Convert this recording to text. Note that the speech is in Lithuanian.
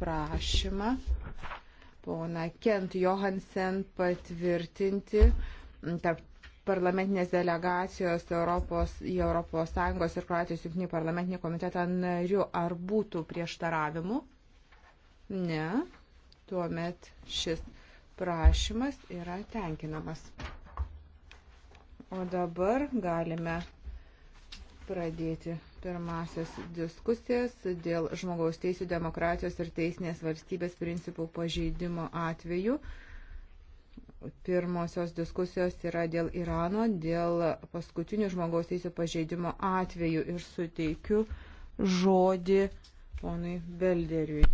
prašymą pona Kent Johansen patvirtinti tarp parlamentinės delegacijos Europos, į Europos Sąjungos ir Kroatijos jungtinį parlamentinį komitetą nariu. Ar būtų prieštaravimų? Ne. Tuomet šis prašymas yra tenkinamas. O dabar galime pradėti pirmasis diskusijas dėl žmogaus teisų, demokratijos ir teisinės valstybės principų pažeidimo atveju. Pirmosios diskusijos yra dėl Irano, dėl paskutinių žmogaus teisų pažeidimo atveju ir suteikiu žodį ponui Belderiui.